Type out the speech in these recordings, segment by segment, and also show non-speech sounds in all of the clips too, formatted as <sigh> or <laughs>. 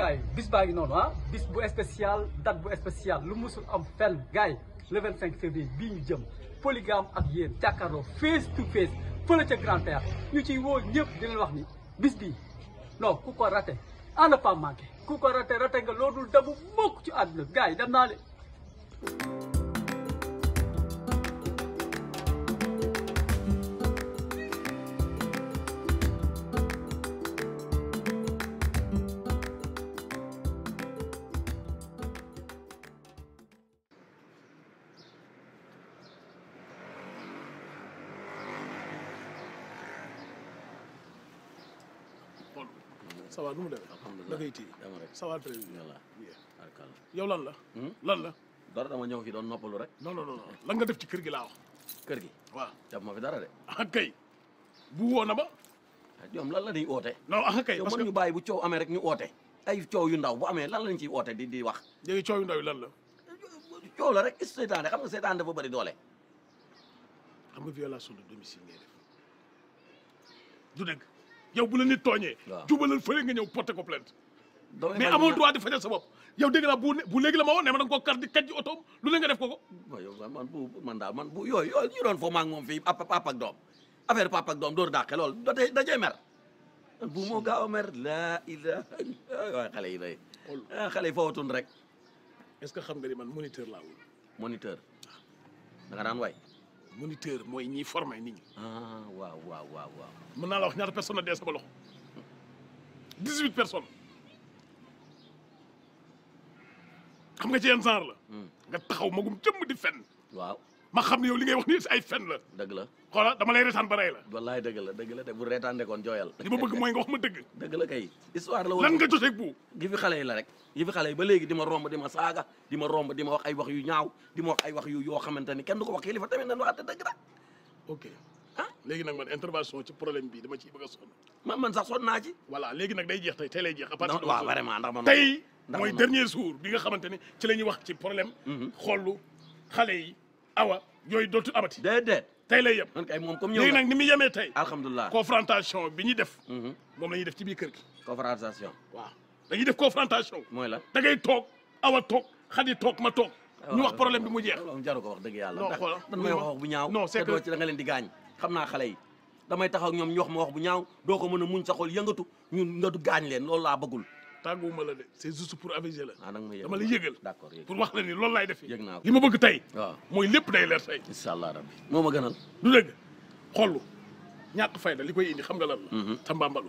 gaay bis baa noonu ah bis bu spécial date bu spécial lu musul am fenn gaay le 25 février bii ñu jëm polygame ak yéen jàkkaarloo face to face fële ca Grand ñu ciy woo ñëpp di wax ni bis bii non ku ko raté à ne pas manquer ku ko raté raté nga loolu dul dabu mukk ci àdduna gaay dem naa le ça va très bien. yow lan la. Hmm? lan la. dara dama ñëw fi doon noppalu rek. non non non lan nga def ci kër gi laaw kër gi waaw def ma fi dara de. ah bu woo na ma. Ah, ñoom lan la ñuy oote. non ah kay parce que ñu bàyyi bu coow amee rek ñu oote. ay coow yu ndaw bu amee lan lañ ciy oote di di wax. léegi coow yu ndaw yi lan la. coow rek seetaan xam nga seetaan dafa doole. xam nga violation de domicile ngay def du dëgg yow bu la nit tooñee. waaw nga ñëw porté ko plainte. mais amoo droit di fajal sa bopp yow dégg naa bu bu léegi ne ma da nga koo kar di kaj ji otoom lu ne nga def ko ko waaw yow man bu man daal man bu yooyu yooyu ñu doon foo maa ngi moom fii papa ak doom affaire papa ak doom dooru dàqe loolu date bu moo gaaw a mer laa ila waaye xale yi day ah, xale yi rek est-ce que xam nga ni man moniteur laa woon moniteur da nga daan waay moniteur mooy ñiy formé nit ñi ah waaw waaw waaw waaw mën naa la wax ñaata personne a dee sama xam nga ci yan genre la. Hmm. nga taxaw magum jëmm di fenn. waaw ma xam ne yow li ngay wax nii ay fenn la. dëgg la xoola dama lay retaan la. wallaay dëgg la dëgg la te bu reetaande kon jooyal. la kay histoire la. lan nga joteeg bu. gi fi xale yi la rek gi fi xale yi ba léegi di ma romb di ma saaga di ma romb di ma wax ay wax yu ñaaw di ma wax ay wax yu yoo xamante ni kenn du ko wax kilifa tamit nañu waxante dëgg la ok ah léegi nag man intervention ci problème bi dama ciy a sonn. man naa ci. voilà léegi nag day jeex tey tey lay jeex. à partir de waaw vraiment ndax man. ndax mooy dernier jour bi nga xamante ne ci la ñuy wax ci problème. Mhm. xollu xale yi awa yooyu dootu abati. déedéet tey la yem. man kay moom comme ñëw léegi nag ni muy yemee tey. alhamdulilah confrontation bi ñuy def. Mhm. moom la ñuy def ci biir kër gi. confrontation. waaw dañuy def confrontation. mooy la da ngay toog awa toog di toog ma toog. ñu wax problème bi mu jeex. loolu jaru ko wax dëgg yàlla. non xoolal man may wax wax bu ñaaw. non c'est que leen di gaañ xam naa xale yi. damay taxaw ñoom ñu wax ma wax bu ñaaw doo ko mën a muñ sa xol yëngatu ñun nga du gaañ leen loolu laa bëggul tàgguwuma la de c'est juste pour aviser la. Ah, dama la yëgal d'accord pour wax la ni loolu laay def. yëg naa li ma bëgg tey. waaw mooy lépp day leer tey. incha allah moo ma gënal. du dëgg xollu ñàkk fayda li koy indi xam nga lan la. sa mm-hmm. mbambalu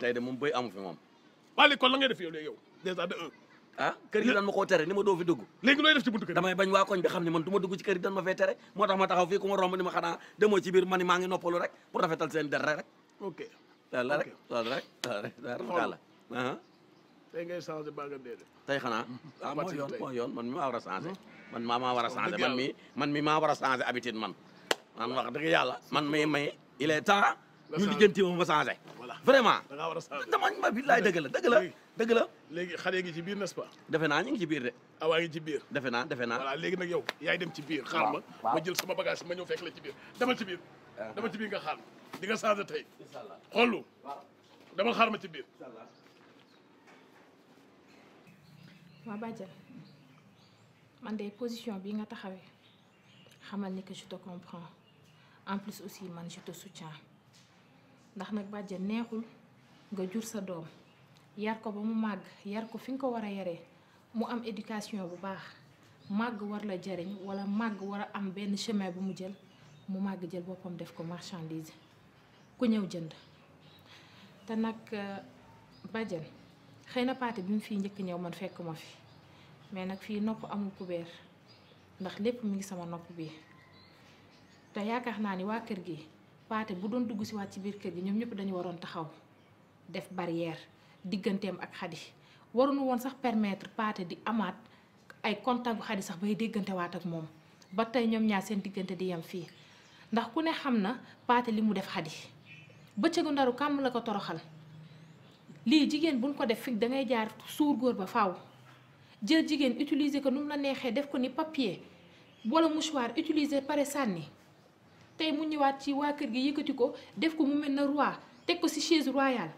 tey de moom béy amu fi moom waa léegi kon la ngay def yow léegi yow dèjà de un ah kër gi dan ma koo tere ni ma doo fi dugg léegi looy def ci buntu kër damay bañ waa koñ bi xam ne man du ma dugg ci kër gi dan ma fee tere moo tax ma taxaw fii ku ma romb ni ma xanaa demoo ci biir ma ni maa ngi noppalu rek pour rafetal seen der rek ok loolu la rek loolu rek loolu rek la tey ngay changé ba nga dee de tey xanaa hmm. ah mooy yoon mooy yoon man mi maa war a changé hmm. man maa maa war a changé man mi man mi maa war a changé habitude man man wax dëgg yàlla man mi may il est temps ñu lijjanti moom ma changé vraiment dama ma billaay dëgg la dëgg la dëgg la léegi xale ngi ci biir n'est-ce pas defe naa ñu ngi ci biir de awaa ah, ngi ci biir defe naa defe naa voilà léegi nag yow yaay dem ci biir xaar ma ma jël sama bagage ma ñëw fekk la ci biir demal ci biir ah. demal ci biir nga xaar ma di nga changé tey xoolu dama xaar ma ci biir waa Badiane man de position bi nga taxawee xamal ni que je te comprends en plus aussi man je te soutiens ndax nag bàjjen neexul nga jur sa doom yar ko ba mu màgg yar ko fi nga ko war a yaree mu am éducation bu baax màgg war la jariñ wala màgg war a am benn chemin bu mu jël mu màgg jël boppam def ko marchandise ku ñëw jënd te nag euh, bàjjen xëy na paate bi mu fii njëkk ñëw man fekk ma fi mais nag fii nopp amul kubéer ndax lépp mu ngi sama nopp bi te yaakaar naa ni waa kër gi paate bu doon dugg si waat ci biir kër gi ñoom ñëpp dañu waroon taxaw def barrière digganteem ak xadi waruñu woon sax permettre paate di amaat ay contact bu sax bay déggante waat ak moom ba tey ñoom ñaar seen diggante di yem fii ndax ku ne xam na paate li mu def xadi bëccëgu ndaru kàmm la ko toroxal lii jigéen buñ ko def fi da ngay jaar suur góor ba faaw jël jigéen utiliser ko nu mu la neexee def ko ni papier wala mouchoir utiliser pare sànni tey mu ñëwaat ci waa kër gi yëkkati ko def ko mu mel na roi teg ko si chaise royale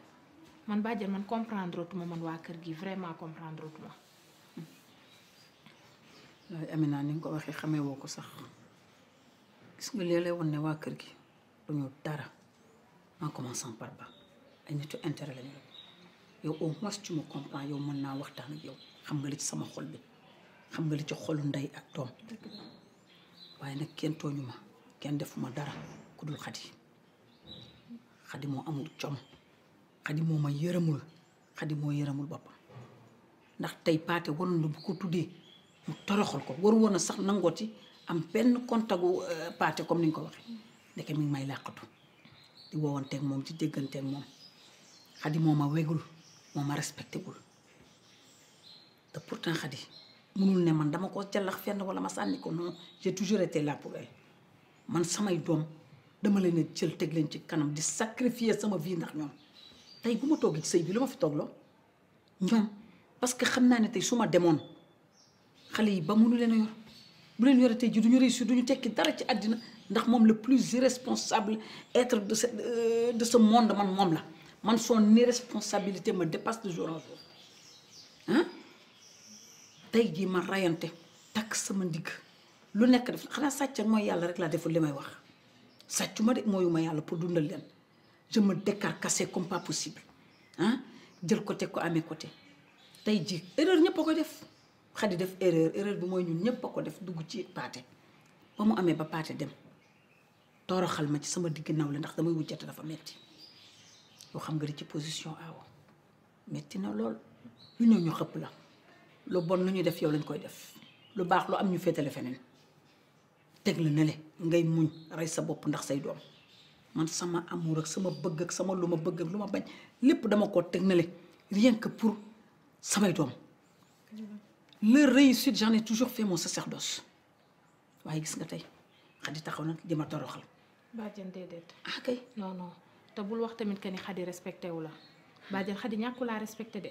man bàjjen man comprendre tuma man waa kër gi vraiment comprendre tuma waaye Amina ni nga ko waxee xamee woo ko sax gis nga léeg woon ne waa kër gi duñu dara en commençant par ba ay nitu intérêt lañu yow au moins tu me comprends yow mën naa waxtaan ak yow xam nga li ci sama xol xam nga li ci xolu ndey ak doom nag kenn tooñu ma kenn defuma dara ku dul xadi xadi moo amul com xadi moo ma yërëmul xaddi moo yërëmul boppam ndax tey paate waroon na bu ko tuddee mu toroxal ko waru woon a sax nangooti am benn contagu gu euh, comme ni nga ko waxee ndeke mi may làqatu di woowanteeg moom di dégganteeg moom xadi moo ma wegul moo ma respecté gul te pourtant xadi munul ne man dama ko jàllax fenn wala ma sànni ko non j'ai toujours été là pour man samay doom dama leen a jël teg leen ci kanam di sacrifier sama vie ndax ñoom tey bu ma toogee ci sëy bi lu ma fi toogloo ñoom parce que xam naa ne tey su ma demoon xale yi ba mënu leen a yor bu leen yore tey ji duñu du ñu tekki dara ci àddina ndax moom la plus irresponsable être de ce euh, de ce monde man moom la man son irresponsabilité me dépasse de jour en jour ah tey ma rayante takk sama ndigg lu nekk def xanaa sàcc mooy yàlla rek laa deful li may wax sàccu ma de ma yàlla pour dundal leen je me décarcassais comme pas possible ah jël côté ko amee côté tey jii erreur ñëpp a ko def xadi def erreur erreur bi mooy ñun ñëpp a ko def dugg ci paate ba mu amee ba paate dem toroxal ma ci sama digg naw ndax damay wujjate dafa metti yoo xam nga di ci position awo metti na lool lu ñëw ñu xëpp la lu bon lu ñu def yow lañ koy def lu baax lu am ñu féetale feneen teg la nële ngay muñ rey sa bopp ndax say doom man sama amour ak sama bëgg ak sama lu ma bëgg ak lu ma bañ lépp dama koo teg nële rien que pour samay doom leur réussite j'en ai toujours sa mon sacerdoce waaye gis nga tey xadi taxaw na di ma toroxal. bàjjen déedéet. ah kay non te bul wax tamit que ni xadi respecté wu la bàjjen xadi ñàkku laa respecté de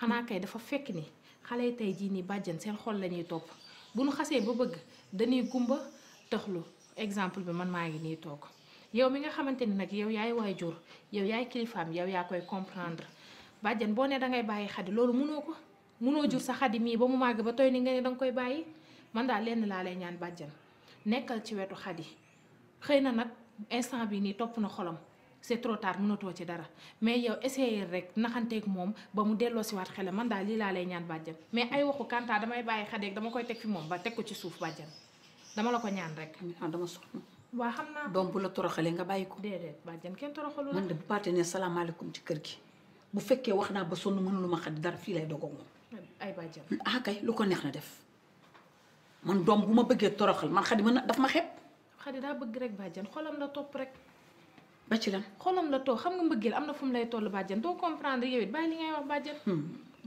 xanaa kay dafa fekk ni xale yi tey jii nii bàjjan seen xol la ñuy topp bu nu xasee ba bëgg dañuy gumba. tëxlu exemple bi man maa ngi nii toog yow mi nga xamante ni nag yow yaay waajur yow yaay kilifaam yow yaa koy comprendre bàjjan boo ne dangay bàyyi xadi loolu mënoo ko mënoo jur sa xadi mii ba mu màgg ba tooy ni nga ne danga koy bàyyi man daal lenn laa lay ñaan bàjjen nekkal ci wetu xadi xëy na nag instant bi nii topp na xolam c'est trop tard mënatoo ci dara mais yow essayer rek naxanteeg moom ba mu delloo si waat xelam man daal lii laa lay ñaan bàjjen mais ay waxu kanta damay bàyyi xadeeg dama koy teg fi moom ba teg ko ci suuf bàjjan dama la ko ñaan rek. ah dama soxla. waa xam naa doom bu la toroxalee nga bàyyi ko. déedéet bàjjen kenn toroxalu man de bu paatee ne salaamaaleykum ci kër gi bu fekkee wax naa ba sonn mënu lu ma xat dara fii lay dogoo moom. ay bàjjen ah kay lu ko neex na def man doom bu ma bëggee toroxal man xadi man daf ma xeeb. xadi daa bëgg rek bàjjen xolam la topp rek. ba ci lan xolam la toog xam nga mbëggeel am na fu mu lay toll bàjjen doo comprendre yow it bàyyi li ngay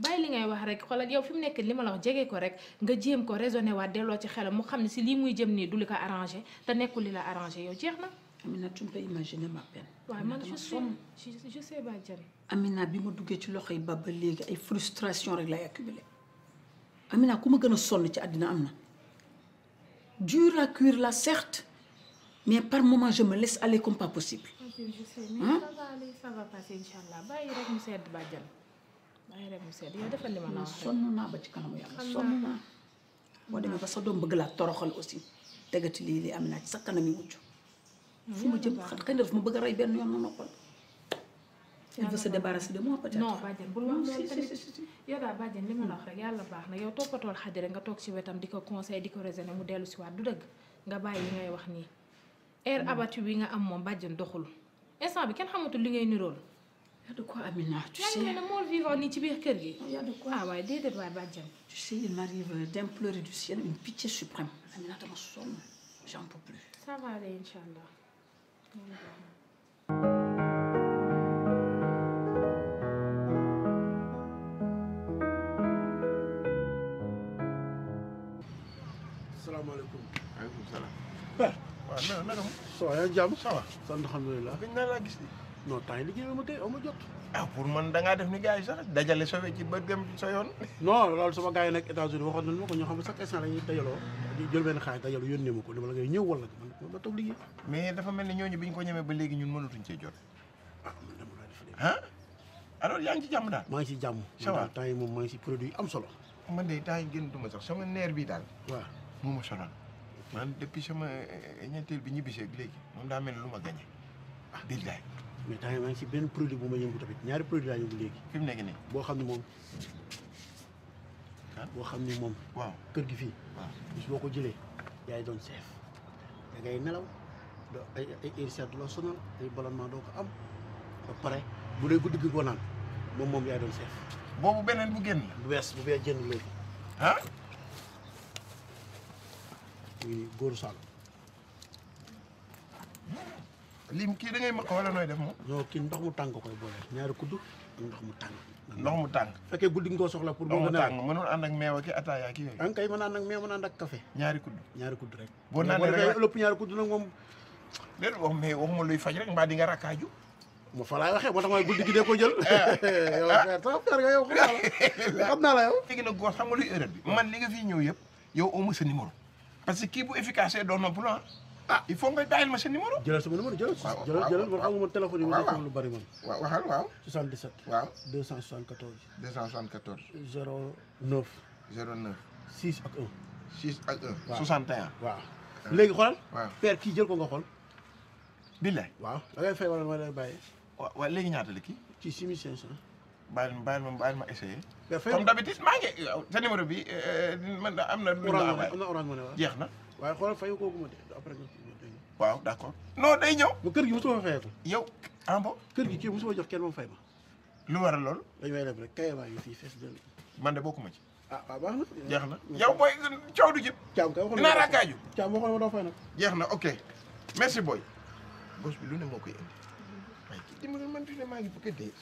bàyyi li ngay wax rek xoolal yow fi mu nekk li ma la wax jege ko rek nga jéem ko raisonné waa delloo ci xelam mu xam ne si lii muy jëm nii du li ko arrangé te nekkul li la arrangé yow jeex na. Amina tu peux imaginer ma peine. waaw man je sais je Amina bi ma duggee ci loxo yi ba ba léegi ay frustration rek lay accumulé Amina ku ma gën a sonn ci àddina am na. dur à cuire certes mais par moment je me laisse aller comme pas possible. ok je sais mais ça bàyyi rek mu sedd Badiane. ma man sonn naa ba ci kanamu yàlla sonn naa boo demee ba sa doom bëgg laa toroxal aussi tegati lii lii am naa ci sa kanam yi mucc mm-hmm. fu ma jëm xam xëy bëgg a rey yoon ma noppal il veut se débarrasser de moi peut-être non bàjjen ma wax rek yàlla baax na yow toppatool xadi rek nga toog ci wetam di ko conseil di ko raisonner mu dellu si waat du dëgg nga bàyyi li ngay wax nii air mm-hmm. abattu bi nga am moom bàjjen doxul instant bi kenn xamatul li ngay nirool yaa du ko Amina tu sais lan nga ne mool vivant nii ci biir kër gi. yaa du ko ah waaye déedéet waaye bàjjan. tu sais il m'arrive d'implorer du ciel une pitié suprême Amina dama sonn j'en peux plus. ça va aller incha allah. salaamaaleykum. maaleykum salaam. père. waaw na nga def. ça va yaa ngi jàmm. ça va. sant alhamdulilah. biñ na laa gis nii. non temps yi liggéey ma tey aw ma jot. ah pour man da ngaa def ni gars yi sax dajale sowe ci bët gëm sa yoon. non loolu sama gars yi nekk États-Unis waxoon ko ñoo xam ne chaque instant dañuy dajaloo di jël benn xaalis dajaloo yónnee ma ko dama la a ñëw wala liggéey. mais dafa mel ni ñooñu bi ñu ko ñemee ba léegi ñun mënatuñ cee jot. ah man yaa ngi ci jàmm daal. maa ngi ci jàmm. ça va temps yi moom maa ngi ci produit yi am solo. man de temps yi génn duma sax sama daal. waaw moo ma sonal man depuis sama eh, eh, ñetteel bi ñibbisee léegi moom daa mel lu ma gañe ah billaay mais temps yii maa si benn produit bu ma yëngu tamit ñaari produit laa yëngu léegi. fi mu nekk nii boo xam ne moom. boo xam ne moom. waaw kër gi fii. waaw bis boo ko jëlee yaay doon seef da ngay nelaw doo ay ay ay seet loo sonal ay ballonnement doo ko am ba pare bu dee guddi gi ko naan moom moom yaay doon seef. boobu beneen bu génn. bu bees bu bees jënd léegi. ah. góoru Saalum. lim kii da ngay mëq wala nooy def moom. non kii ndox mu tàng koy boole ñaari kudd ndox mu tàng. ndox mu tàng. bu fekkee gud nga ko soxla pour. mu tàng mënul ànd ak meew ak ataaya ak yooyu. an kay ak meew mën ànd ak café. ñaari kudd ñaari kudd rek. boo naanee rek lépp ñaari kudd nag moom. déedéet wax mais waxuma luy di nga rakkaaju. mu fa laay waxee moo tax mooy guddi dee ko jël. <laughs> <laughs> xam naa la yow. léegi nag góor xam man li nga fi ñëw yëpp yow amu sa numéro. parce kii bu efficace doon na plan ah. ah il faut nga bàyyil ma sa numéro. jëlal sama numéro jëlal. waaw waaw jëlal man amuma téléphone yi. waaw waaw lu bari man. waaw waxal waaw. 77. waaw 274. 274. 09. 09. 6 ak 1. 6 ak 1. waaw 61. waaw euh, léegi xoolal. waaw kii jël ko nga xol billaay. waaw da ngay fay wala lay bàyyi. waaw léegi ñaata la kii. ci 6500. bàyyil ma bàyyil ma bàyyil ma essayé. comme d'habitude maa ngi sa numéro bi euh, euh, am na. orange am ne waaw jeex na. waaye xoolal fayu kooku ma de après waaw d' accord non day ñëw. ba kër gi mosuma fayee ko. yow en ah bon. kër gi kii mosuma jox kenn moom fay ma. lu waral loolu. dañu may def rek kayabaa yi fii fees del man de bokkuma ci. ah waaw ah, baax na. jeex na yow booy coow du jëm. caam kay waxoon dinaa raakaaju. caam waxoon ma doo fay nag. jeex na ok merci boy. gos bi lu ne moo koy indi. waaye kii dimbali man fii de maa ngi bëgg a dee.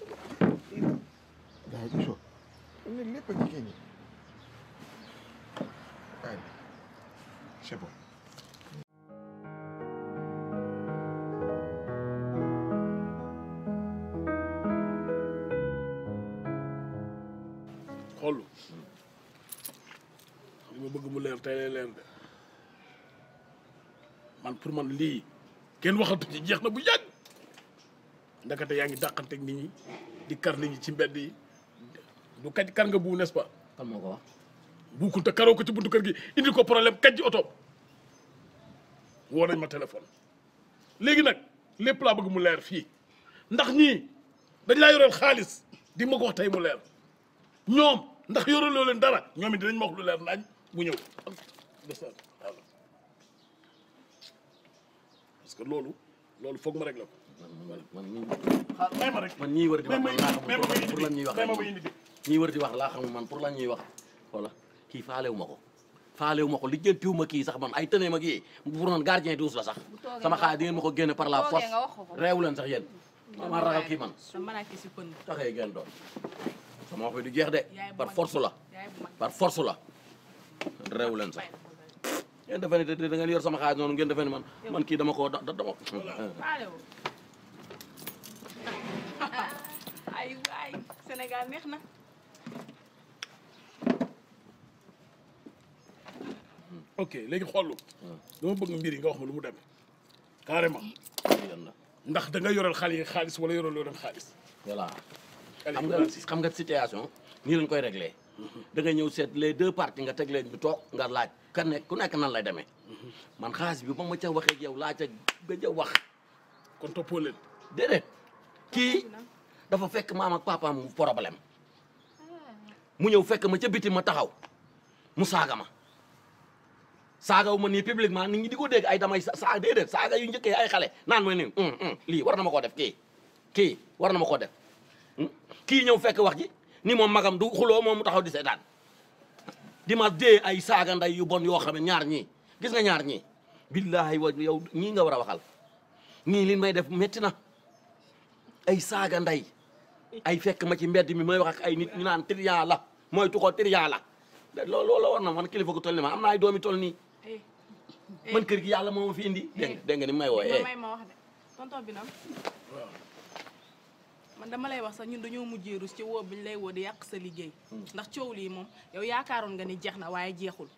daa gisoo. lépp a jigéen ñi. c'est bon. xool ma bëgg mu leer tey lay leer de man pour man lii kenn waxatu ci jeex na bu yàgg ndakate yaa ngi dàqanteeg nit ñi di kar nit ci mbedd yi du kaj kar nga bu n'est-ce pas. kan moo wax. bu kunta karoo ko ci buntu kër gi indi ko problème kaj oto. woo nañ ma téléphone léegi nag lépp laa bëgg mu leer fii ndax ñii dañ laa yoreel xaalis di ma ko wax tey mu leer ñoom ndax yoreloo leen dara ñoom it dinañ ma lu leer naañ mu ñëw parce que loolu loolu foog ma rek la ko. man man may ma rek man di wax man laa xamul ñuy wax ñii wax laa man pour lan ñuy wax voilà kii faalewu ma ko. faale wu ma ko lijjantiwu ma kii sax man ay tënee ma kii bu doon gardien par la force réewu leen sax yéen maa ragal kii man taxee ngeen jeex de par force la par force la réewu leen sax ngeen defe ne yor sama xaalis noonu ngeen defe ne man man kii dama koo da dama <laughs> ay waay Sénégal neex na ok léegi xollu dama bëgg mbir yi nga wax ma lu mu demee carrément ndax da nga yoreel xale yi xaalis wala yoreel loo dem xaalis voilà xam nga xam nga situation nii lañ koy regle mhm. da ñëw seet les deux parties nga teg leen ñu toog nga laaj kan ne ku nekk nan lay deme mhm. man xaalis bi ba ma ca waxee yow laa ca gëj a wax kon toppoo leen kii dafa fekk maam ak papaam problème ah. mu ñëw fekk ma ca biti ma taxaw mu saaga saagaw ma nii publiquement nit ñi di ko dégg ay damay saa déedéet saaga yu njëkkee ay xale naan ma mm, mm, lii war na ma koo def kii kii war na ma koo def mm, kii ñëw fekk wax ji ni moom magam du xuloo moom mu taxaw di seetaan di ma dee ay saaga nday yu bon yoo xam ne ñaar ñii gis nga ñaar ñii billahi wa yow ñii nga war a waxal ñii liñ may def métti na ay saaga nday ay fekk ma ci mbedd mi may wax ak ay nit ñu naan triant la mooy tu ko triant la loolu la na man kilifa gu toll ni ma am na ay doomi toll nii Eh. Eh. man kër gi yàlla moo ma fi indi. dégg nga eh. may wooye may ma wax de tonton bi nam man dama lay wax sax ñun dañoo mujjee rus bi ñu lay woo di yàq sa liggéey. Hmm. ndax coow lii moom yow yaakaaroon nga ni jeex na waaye jeexul.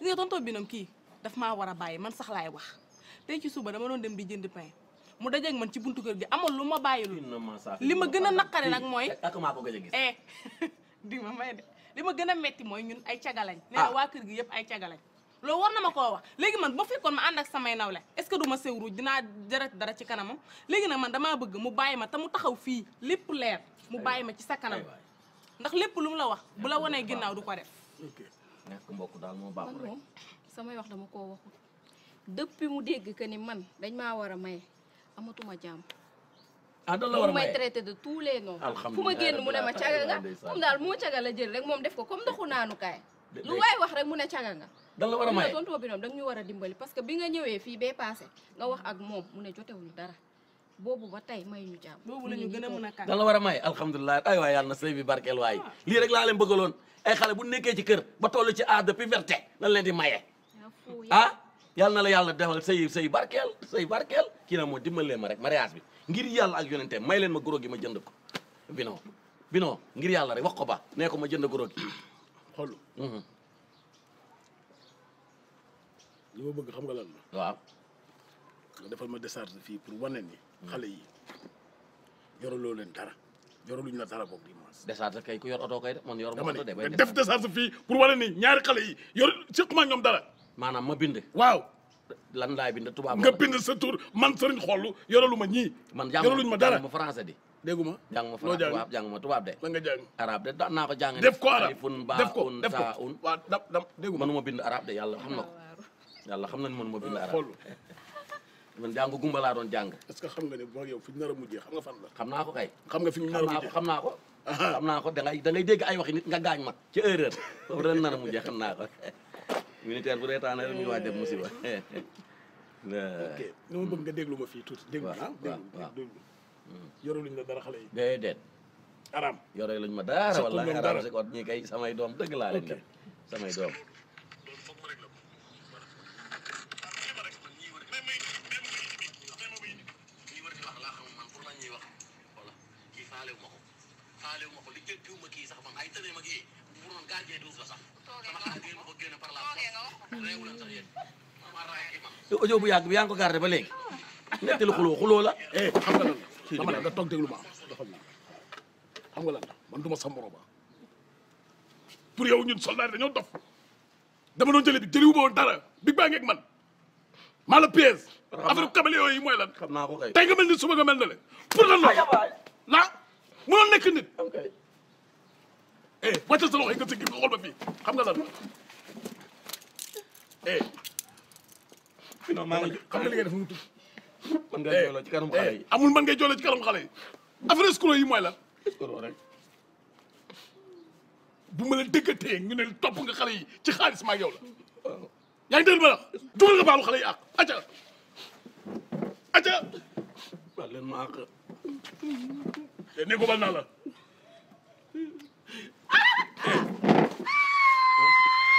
gis bi nam kii daf maa war a bàyyi man sax laay wax tey ci suba dama doon dem di jënd mu dajeeg man ci buntu kër gi amul lu ma bàyyilul li ma gën a naqare nag mooy ak <laughs> di ma may de li ma gën a metti mooy ñun ay cagalañ ah. nee waa kër gi yëpp ay cagalañ loolu war na ma koo wax léegi man ba fekkoon ma ànd ak samay nawle est-ce que du ma sëw ruuj dinaa jarat dara ci kanamam léegi nag man damaa bëgg mu bàyyi ma te mu taxaw fii lépp leer mu bàyyi ma ci sa kanam ndax lépp lu mu la wax bu la wanee ginnaaw du ko def ñàkk mbokk daal samay wax dama koo waxul depuis mu dégg que ni man dañ maa war a maye amatuma jàmm ah war a may traité de tous les noms. fu ma génn mu ne ma caga nga moom daal moo caga la jël rek moom def ko comme ndoxu naanu kaay lu wax rek mu ne caga nga dan war a maye tonton danga war a dimbali parce que bi nga ñëwee fii bee paase nga wax ak moom mu ne jotewuñu dara boobu ba tey may ñu jàmm boobu la ñu gën a mën a kàr dan war a maye alhamdulilah ay waay yàlla na sëy barkeel waay ah. lii rek laa leen loon ay xale bu nekkee ci kër ba toll ci âge de puberté nan leen di maye ah yàlla na la yàlla defal sëy sëy barkeel sëy barkeel kii na moo dimbali leen ma rek mariage bi ngir yàlla ak yonente may leen ma goro gi ma jënd ko bino bino ngir yàlla rek wax ko ba nee ko ma jënd goro li ma bëgg xam nga lan waaw. defal ma décharge fii pour wane ni. xale yi yoraloo leen dara. yoraluñ la dara boog dimanche. décharge kay ku yor oto kay man yor. dama ne def décharge fii pour wane ni ñaari xale yi yor surtout ma ñoom dara. bind. waaw. lan laay bind tubaab nga bind sa tur man sëriñ xoll yoralu ma ñii. man yoraluñ ma ma français di. déggu ma ma français tubaab jàng ma tubaab de. lan nga jàng arabe de daan naa ko jàng. def ko arabe def ko def ko un saa un. waaw dam dam déggu ma bind arabe de yàlla xam na ko. yàlla xam na ne man moo bind ah, arab <laughs> man jàng gumba laa doon jàng. est-ce que xam nga ne boo yow fi ñu nar a mujjee xam nga fan la. xam naa ko kay. xam na fi ñu nar a xam naa ko ah. xam naa ko da ngay da dégg ay waxi nit nga gaañ ma ci erreur foofu ren nar a mujjee xam naa ko <laughs> militaire bu reetaane rek ñu waaj def musiba. <laughs> ok ni ma bëgg nga déglu ma fii tuuti. déglu ah déglu hmm. yore luñ la dara yi. yore luñ ma dara. wala aram si kot ñi kay samay doom dëgg laa leen def samay doom. faalewu ma ko faalewu ma ko lijjantiwu ma kii sax man ay tënee ma kii bu doon gardien du ko sax sama xarit ngeen ma ko génne par la réewu leen sax yéen ma raay ki man audio bu yàgg bi yaa ngi ko gardé ba léegi nettali xuloo xuloo la eh xam nga lan dama la nga toog déglu ma dafa xam nga lan man du ma sa morom pour yow ñun soldat dañoo dof dama doon jële bi jëliwu ma woon dara bi baa ngeeg man maa la piège affaire kabale yooyu mooy lan xam naa ko kay tey nga mel ni suba nga mel na le pour lan la la mënoon nekk nit. eh wàccal sa loxo yi nga tëgg nga xool ba fii xam nga lan la eh. non maa ngi xam nga li nga def mu tudd. mën nga jooloo ci kanamu xale eh, yi amul mën nga jooloo ci kanamu xale yi affaire escroc yi mooy lan. escroc rek. bu ma la dëggatee ñu ne topp nga xale yi ci xaalis ma ak yow la. yaa ngi déglu ma la dugal nga baalu xale yi àq acca acca. baal leen ma àq. ne ko bal naa la.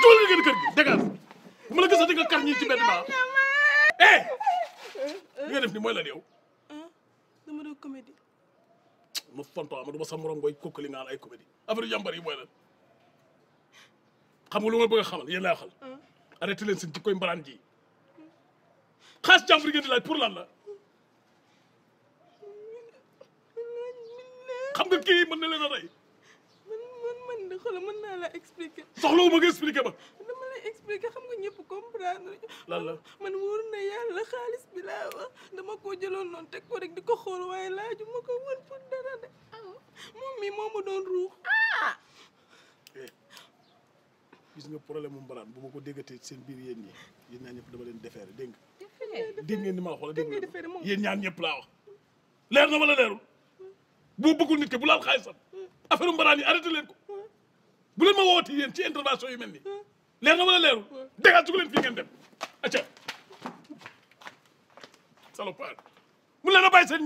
dugal nga génn kër gi dégage bu ma la gisati nga kar ñi ci mbedd ma eh li nga def ni mooy lan yow. dama doon comédie. ma fonto Amadou ba sa morom booy kokkali nga ay comédie affaire yi mooy lan xam nga lu ma bëgg xamal yéen xal ah. arrêté leen seen ci koy mbaraan ji xaas jàmbur ngeen di laaj pour lan la. xam nga kii mën na leen a rey. man man man de xoolal mën naa la expliquer. soxlawuma nga expliquer ma. dama lay expliquer xam nga ñëpp comprendre. lan la man wóor na yàlla xaalis bi laa dama koo jëloon noonu te ko rek di ko xool waaye laaju ma ko woon pour dara de ah moom mii moo ma doon ruux. ah. Eh, gis nga problème mu mbaraan bu ma ko déggatee seen biir yéen ñi yéen ñaan ñëpp dama leen defeere dégg nga. defeere dégg ngeen ni ma la xool dégg ngeen yéen ñaan ñëpp laa wax leer na wala leerul. boo bëggul nit ki bu laal xaalisam affaire mbaraan yi arrêté leen ko bu leen ma wooti yéen ci intervention yu mel nii leer na wala leerul déggal sugu leen fii ngeen dem acca salopard mu leen a bàyyi seen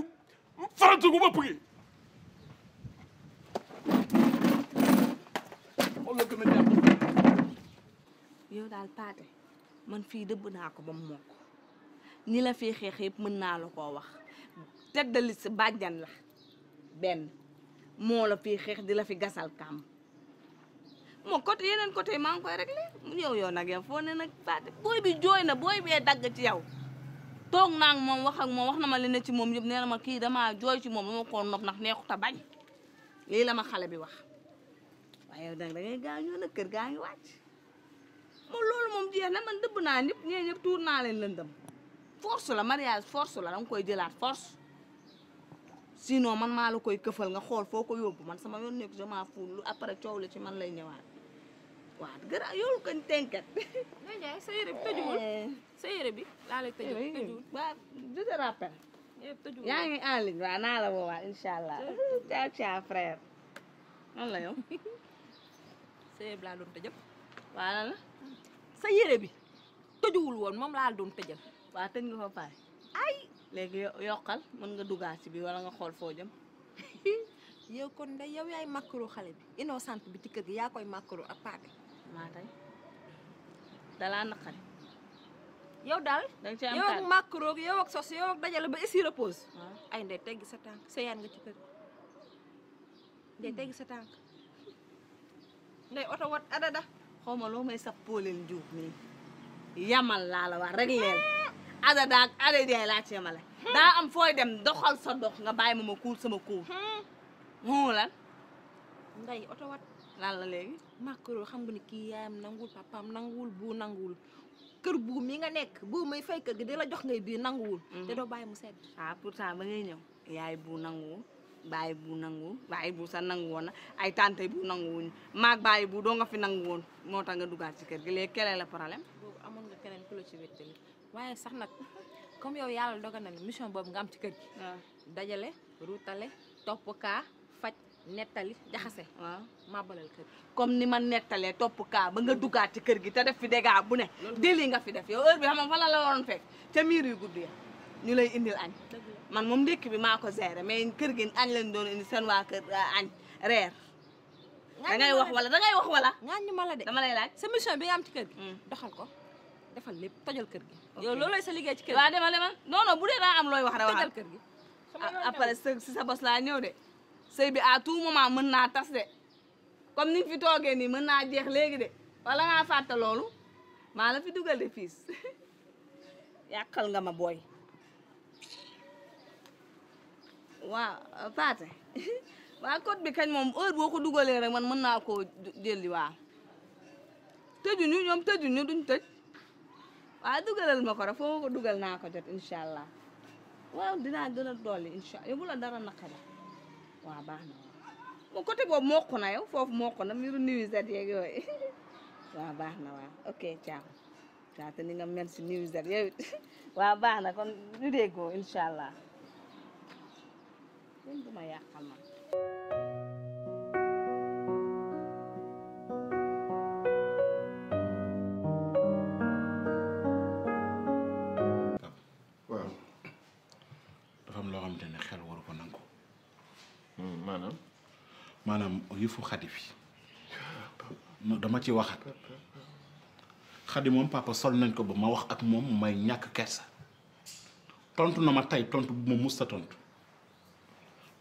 farantugu bopp gi xool yow daal paate man fii dëbb naa ko ba mu mokk ni la fii xeex mën naa la koo wax tedd li si bàjjan la benn moo la fi xeex di la fi gasal kam moo côté yeneen côté yi maa ngi koy réglé yow yow nag yow foo nag booy bi jooy na booy bee dagg ci yow toog naa moom wax ak moom wax na ma li ne ci moom yëpp nee na ma kii dama jooy ci moom dama ko nopp ndax neexut a bañ lii la ma xale bi wax waaye yow nag da ngay gaañoo nag kër gaa ngi wàcc moom loolu moom jeex na man dëbb naa ñëpp ñee ñëpp tuur naa leen lëndëm force la mariage force la danga koy jëlaat force sinon man maa koy këfal nga xool foo ko yóbbu man sama yoon nekk je m'en fous lu après coow la ci man lay ñëwaat waaw gërëm yow eh. eh, ngi en ligne la woowaat incha allah. ciao ciao frère. nan la yow. <laughs> sa yére bi laa doon tëjal. waaw lan la. sa woon moom fa pare léegi yokkal mën nga duggaat ci bi wala nga xool foo jëm. <laughs> yow kon de yow yaay màkkaru xale bi innocente bi ci kër gi yaa koy màkkaru ak paaka. maa tey dalaa naqari. yow daal danga ci am yow ak yow ak sos yow ak dajale ba ici repose. ay ndey teggi sa tànk sa yaan nga ci kër gi. ndey teggi sa tànk. ndey oto wat adada. xaw loo may sa pooleel njuub yamal laa la wax rek leen. Eh, adada ak adada laa ci yemale hmm. daa am fooy dem doxal sa dox nga bàyyi ma ma kuul sama kuul moom lan nday oto wat lan la léegi macro xam nga ni kii yaayam nanguwul nanguwul bu nanguwul kër buum mi nga nekk bu may fay gi di jox ngay bii nanguwul hmm. te doo mu sedd ah pourtant ba ngay ñëw yaay bu nanguwul bàyyi bu nanguwul bàyyi bu sa nangu na ay tante bu nanguwuñu maag bàyyi bu doo nga fi nangu woon moo tax nga dugaat ci kër gi léegi kelee la problème boobu amoon nga keneen ku la ci wéttali waaye sax nag comme yow yàlla dogal na mission boobu nga am ci kër gi. dajale ruutale topp kaa faj nettali jaxase. waaw màbbalal kër gi. comme ni man nettalee topp kaa ba nga duggaat ci kër gi te def fi dégâts bu ne. déli nga fi def yow bi xam nga fan la waroon fekk ca miir yu gudd ya lay indil añ. man moom ndékki bi maa ko gérer mais kër gi añ lañ doon indi seen waa kër euh, añ reer. da ngay wax wala da wax wala. ñaan ñu ma la de dama lay laaj. sa mission bi am ci kër gi. Mm. doxal ko defal lépp tojal kër gi. yow loolu lay sa liggéey ci kër gi. waaw demal demal non bu dee daa am looy wax rek waxal kër gi. après si sa bos laa ñëw de. sëy bi à tout moment mën naa tas de comme ni fi toogee ni mën naa jeex léegi de wala ngaa fàtte loolu maa la fi dugal de fiis <laughs> yàqal nga ma booy. waaw Paate <laughs> waa code bi kañ moom heure boo ko dugalee rek man mën naa koo jëli waaw tëjuñu ñoom du duñ tëj. waaw ah, dugalal ma ko rek ko dugal naa ko jot incha allah waaw dinaa gën a dolli incha allah bu la dara naqari baax na waaw côté boobu mokk na yow foofu mokk na mbiru nuisette yeeg yooyu <laughs> waaw baax na waaw ok ciao ciao te ni nga mel si nuisette yow it <laughs> baax na kon du déggoo incha allah kenn ma yàqal man yëfu xadi bi dama ci waxat xadi moom papa sol nañ ko ba ma wax ak moom may ñàkk kersa tontu na ma tey tontu bu ma musta tontu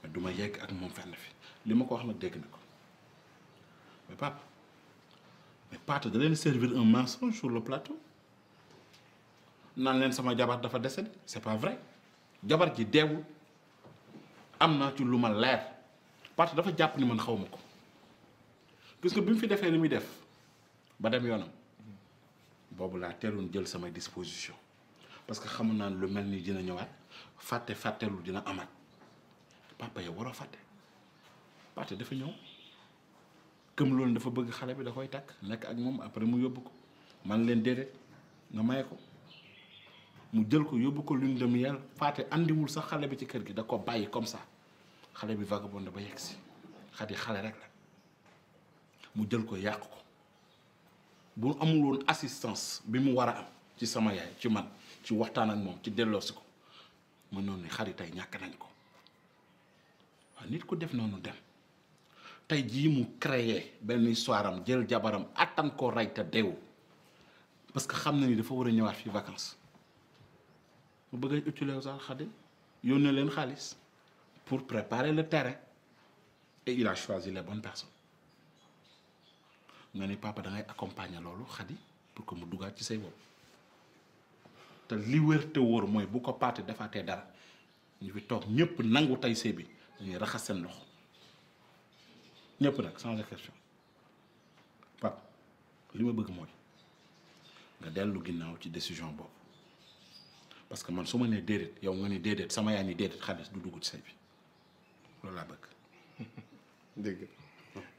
mais du ma yegg ak moom fenn fi li ma ko wax na dégg na ko mais papa mais Pathé da leen servir un mensonge sur le plateau naan leen sama jabar dafa décédé c'est pas vrai jabar ji deewul am naa ci lu ma leer Pathé dafa jàpp ni man xaw ma ko que bi mu fi defee li muy def ba dem yoonam boobu laa teeloon jël sama disposition parce que xamu naa lu mel nii dina ñëwaat fàtte fàttelu dina amaat papa yow waroo fàtte pàtte dafa ñëw këm loolu dafa bëgg xale bi da koy takk nekk ak moom après mu yóbbu ko man leen déedéet nga maye ko mu jël ko yóbbu ko lune dem miel fàtte indiwul sax xale bi ci kër gi da ko bàyyi comme sax xale bi vagabond ba yegg si xati xale rek mu jël ko yàq ko bu amul woon assistance bi mu war a am ci sama yaay ci man ci waxtaan ak moom ci delloosi ko ma noonu ne xaritay ñàkk nañ ko waaw nit ku def noonu dem tey jii mu créé benn histoire am jël jabaram attan koo rey te deewu parce que xam na ni dafa war a ñëwaat fii vacances mu bëggee a utiliser Xadi yónnee leen xaalis pour préparer le terrain et il a choisi les bonnes personnes nga ni papa da ngay accompagner loolu xadi pour que mu dugaat ci say bopp te li wér te wóor mooy bu ko paate defaatee dara ñu fi toog ñëpp nangu tay sëy bi raxas seen loxo ñëpp nag sans exception papa li ma bëgg mooy nga dellu ginnaaw ci décision boobu parce que man su ma nee déedéet yow nga ni déedéet sama yaay ni déedéet xaalis du dugg ci sëy bi loolu laa bëgg. <laughs> dégg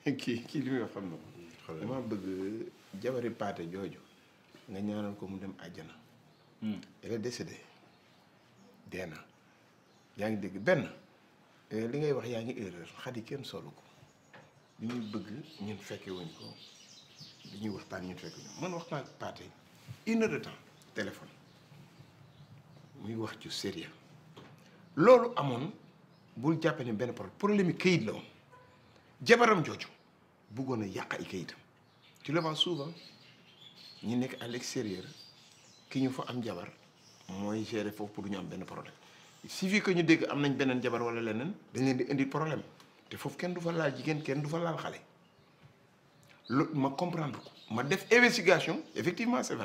<laughs> kii kii li muy wax na ko dama bëgg jabari paate jooju nga ñaanal ko mu dem àjjana hmm. elle est décédée dee na yaa ngi dégg benn eh, li ngay wax yaa ngi erreur xadi kenn solu ko li ñuy bëgg ñun fekke wuñ ko li ñuy waxtaan ñun fekke wuñ ko man waxtaan ak paate une heure temps téléphone muy wax ju sérieux loolu amoon bul jàppe ne benn problème problème yi kayit la woon jabaram jooju bëggoon a yàq ay kayitam ci le vois souvent ñi nekk à l'extérieur ki ñu fa am jabar mooy gérer foofu pour ñu am benn problème il suffit que ñu dégg am nañ beneen jabar wala leneen dañ leen di indi problème te foofu kenn du fa laal jigéen kenn du fa laal xale loolu ma comprendre ko ma def investigation effectivement c'est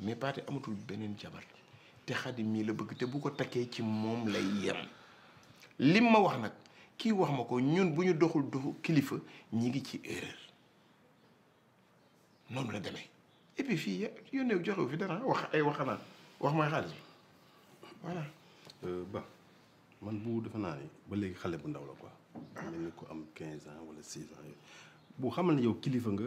mais Pathé amatul beneen jabar te Xadi mii la bëgg te bu ko takkee ci moom lay yem lim ma wax nag kii wax ma ko ñun bu ñu doxul doxu kilifa ñi ngi ci erreur noonu la deme et puis fii ne joxewu fi dara wax ay waxanaan wax mooy xaalis bi voilà. Euh, ba man bu defe naa ni ba léegi xale bu ndaw la ko mel ni ko am 15 ans wala 16 ans bu xamal ne yow kilifa nga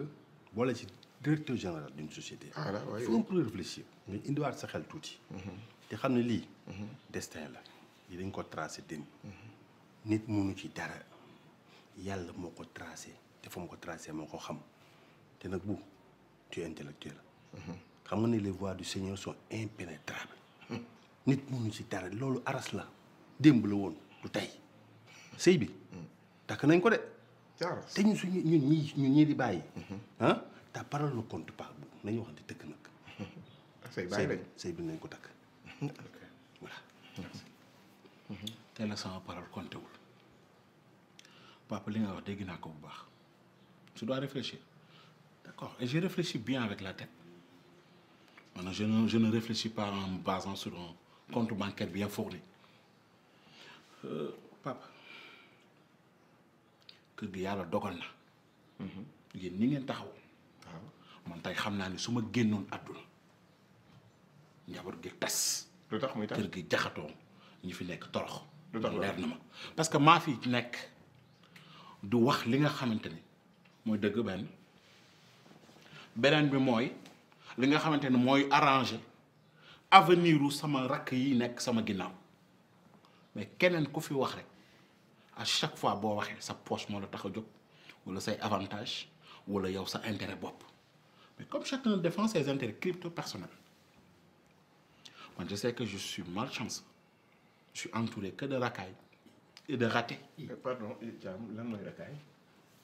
boole ci directeur général d'une société. voilà waaye il faut un réfléchir nga indiwaat sa xel tuuti. Mhm. te xam ne lii. Mhm. destin la. yi dañ ko tracé démb. Mhm. nit munu ci dara yàlla moo ko tracé te fa mu ko tracé moo ko xam te nag bu tu intellectuel mhm. xam nga ne les voies du Seigneur sont impénétrables mhm. nit munu ci dara loolu aras la démb la woon du tey sëy bi mhm. takk nañ ko de te ñun suñu ñun ñi ñun ñii di bàyyi ah ta parole ne compte pas bu nañu wax di tëkk nag <laughs> sëy bi nañ ko takk <laughs> te la sama parole compté wul papa li nga wax dégg naa ko bu baax su dois réfléchir d'accord et je réfléchis bien avec la tête maanaam je ne je ne réfléchis pas en me basant sur un compte bancaire bien euh, gi yàlla dogal na. Mhm. yéen ñi ngeen taxaw. waaw xam naa ne su ma génnoon àdduna njaboot gi tas. lu tax kër gi jaxatoo ñu fi nekk torox. lu leer na ma parce que maa fi nekk du wax li nga xamante ni mooy dëgg benn beneen bi mooy li nga xamante ni mooy arrangé avenir u sama rakk yi nekk sama ginnaaw mais keneen ku fi wax rek à chaque fois boo waxee sa poche moo la tax a jóg wala say avantage wala yow sa intérêt bopp mais comme chacun défend ses intérêts crypto personnels man je sais que je suis malchanceux je suis entouré que de racailles et de ratés. Eh, pardon eh, Thiam lan mooy racaille.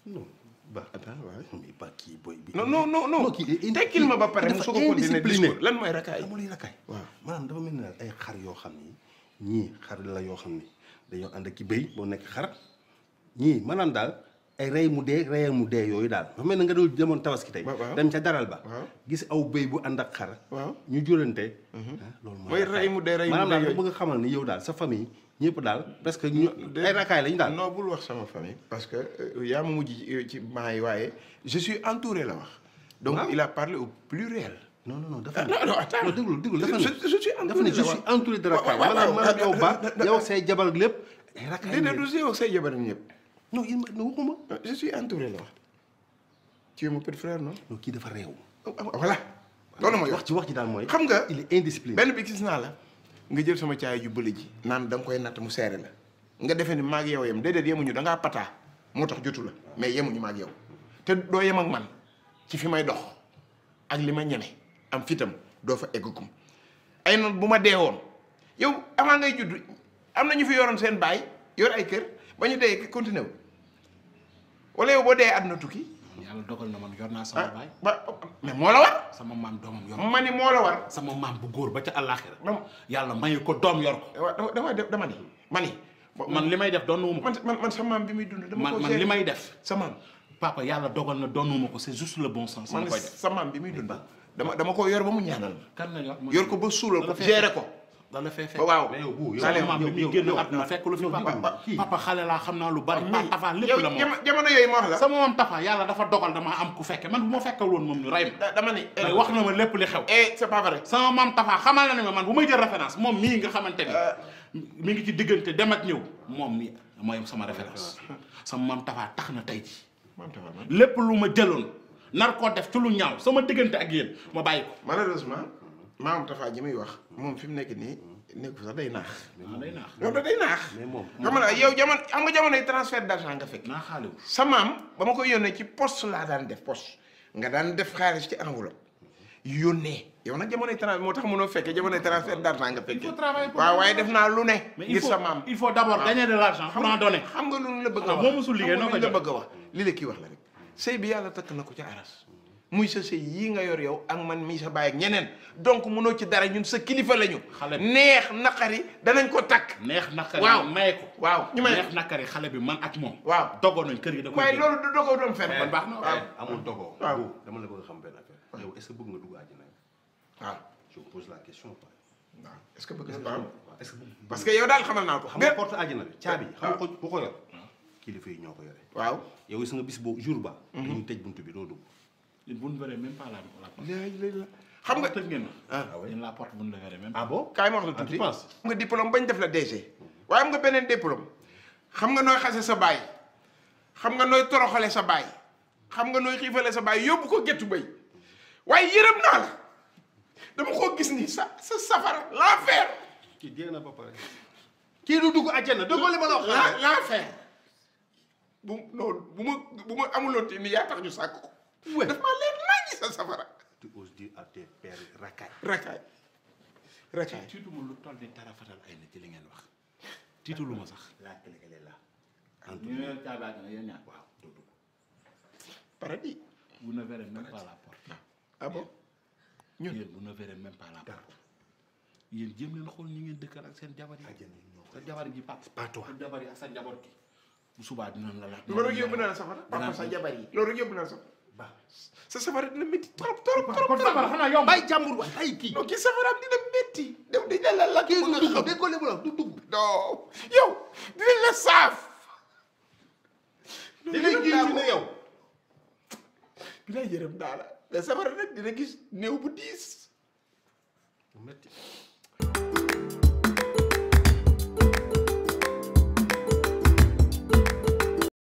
non ba attends ah, waaye mais ba kii booy bi. non non non non tekkil ma ba pare mu soog a continuer discours lan mooy racaille. amul ay racaille waaw maanaam dafa mel ni ay xar yoo xam ni ñii xar la yoo xam ni dañoo ànd ak ki béy boo nekk xar ñii maanaam daal. ay rey mu dee reyal mu dee yooyu daal dafa mel na nga doon demoon tabaski tey dem ca daral ba gis aw béy bu ànd ak xar ñu jurante mhm. ah, loolu mooy rey mu dee rey mu dee maanaam daal bëgg nga xamal ni yow daal sa famille ñëpp daal parce que ñu ay rakaay lañu daal non bul wax sama famille parce que euh, yaa ma mujj euh, ci maa yi waaye je suis entouré la wax donc ah. il a parlé au pluriel non non non dafa ah, ne non non déglu déglu dafa ne dafa ne je suis entouré de rakaay maanaam maanaam yow ba yow say jabar lépp ay rakaay lépp du yow say jabar ñëpp non il ma non waxuma ah, je suis entouré la wax tu es mon kii dafa réew. Ah, ah, voilà loolu mooy wax ci wax ci daal mooy. xam nga il est benn bi gis naa la nga jël sama caay ju bële ji. naan da koy nat mu seere la. nga defe ni maa ak yow yem déedéet yemuñu ñu dangaa pataa moo tax jotu la mais yemuñu maa ak yow te doo yem man ci fi may dox ak li ma ñeme am fitam doo fa eggagum ay noon bu ma dee woon yow avant ngay judd am na ñu fi yoroon seen baay yor ay kër ba ñu dee continué wu. wala yow boo dee àdduna tukki. yàlla dogal na man yor naa sama ah, baay. ba la war. sama man doomam yor ma ni moo la war. sama maam bu góor ba ca àllaaxira. yàlla mayu ko doom yor ko. dama dama ni ma man li may def doonuma ko. man man bi muy dund. dama ko man li may def. sama maam papa yàlla dogal na doonuma ko c'est juste bon sens. man sama bi muy dund. dama dama ko yor ba mu ñaanal. kan la yor yor ko ba suulal ko. gérer ko. la la fee fekk waaw mais yow bu yow yow fekk lu fi papa papa xale laa xam naa lu bari. papa tafa lépp la moom yow jamono yooyu ma wax la. sama moom tafa yàlla dafa dogal damaa am ku fekke man bu ma fekkal woon moom ñu rey ma. dama ni eh, wax na ma lépp li xew. eh c'est pas vrai. sama maam tafa xamal na ne ma man bu may jël référence moom mii nga xamante ni euh. mi ngi ci diggante dem ak ñëw moom mi mooy sama référence sama maam tafa tax na tey ji lépp lu ma jëloon nar koo def ci lu ñaaw sama diggante ak yéen ma bàyyi ko malheureusement maamam Tafa ji muy wax moom fi mu nekk nii nekk sax day naax. Ah, day naax moom da day naax. mais moom xam nga yow jamono am nga jamonoy transfert d' argent nga fekk. naaxaale wu sa maam ba ma ko yónnee ci pos laa daan def poste nga daan def xaalis ci enveloppe yónnee yow nag jamonoy trans moo tax mënoo fekkee jamonoy transfert d' argent nga fekkee. waaw waaye def naa lu ne. ngir sa maam il faut d' abord gagner de l' argent pour donner. xam nga lu la bëgg a ah, wax xam nga lu la bëgg a wax li la kii yàlla takk na ko ca aras muy sa sëy yii nga yor yow ak man mii sa baay ak ñeneen donc munoo ci dara ñun sa kilifa lañu. xale neex naqari danañ ko takk. neex naqari maye ko waaw ñu may neex naqari xale bi man ak moom. waaw dogoo nañ kër gi da koy waaye loolu du dogoo doon fen eh, man baax na eh, waaw dama la bëgg xam benn affaire yow est-ce que bëgg nga dugg àjjana ah. waaw que bëgg nga waaw que parce que yow daal xamal naa ko. xam nga porte àjjana bi caabi xam nga ah. ko ku yor. kilifa yi ñoo ko yore. yow gis nga bis boo jour ba. Mhm. dañuy tëj bi doo vous ne verrez même pas xam nga tëj ngeen ah, ah yéen la porte vous ne verrez même pas. ah bon ah, kaay ma wax la tuuti xam nga diplôme bañ def la DG waaye am nga beneen diplôme xam nga nooy xase sa baay xam nga nooy toroxale sa baay xam nga nooy xiifale sa baay yóbbu ko gettu bay waaye yërëm naa la dama koo gis ni sa sa safara l'enfer kii dee na ba pare kii du dugg àjjana dëggoo li ma bu non bu ma bu ma amuloon te yaa tax ñu sàkk ko waaw daf maa leer naññi sa safara. tu oses dire à tes pères rakaay. rakaay rakaay. lu toll ni tara ay na ci li ngeen wax. lu ma sax. la clé la. en tout cas caabaat na yéen ñaar waaw dugg. paradis. vous ne verrez même pas la porte. ah, ah bon ñun yéen vous ne verrez même pas seen jabar yi. sa jabar ji pap pas toi sa bu subaa dinañ la laaj. loolu yëpp naa safara papa sa jabar yi loolu yëpp naa safara. ba sa safara dina métti trop trop trop. kon safara xanaa yow bay jàmbur wa ay kii. non kii safaraam dina métti. dem dañ la la lakk mën na xam kii du dugg du dugg. non yow dinañ la saaf. dinañ gis ne yow. dina yërëm daala mais safara nag dina gis néew bu diis.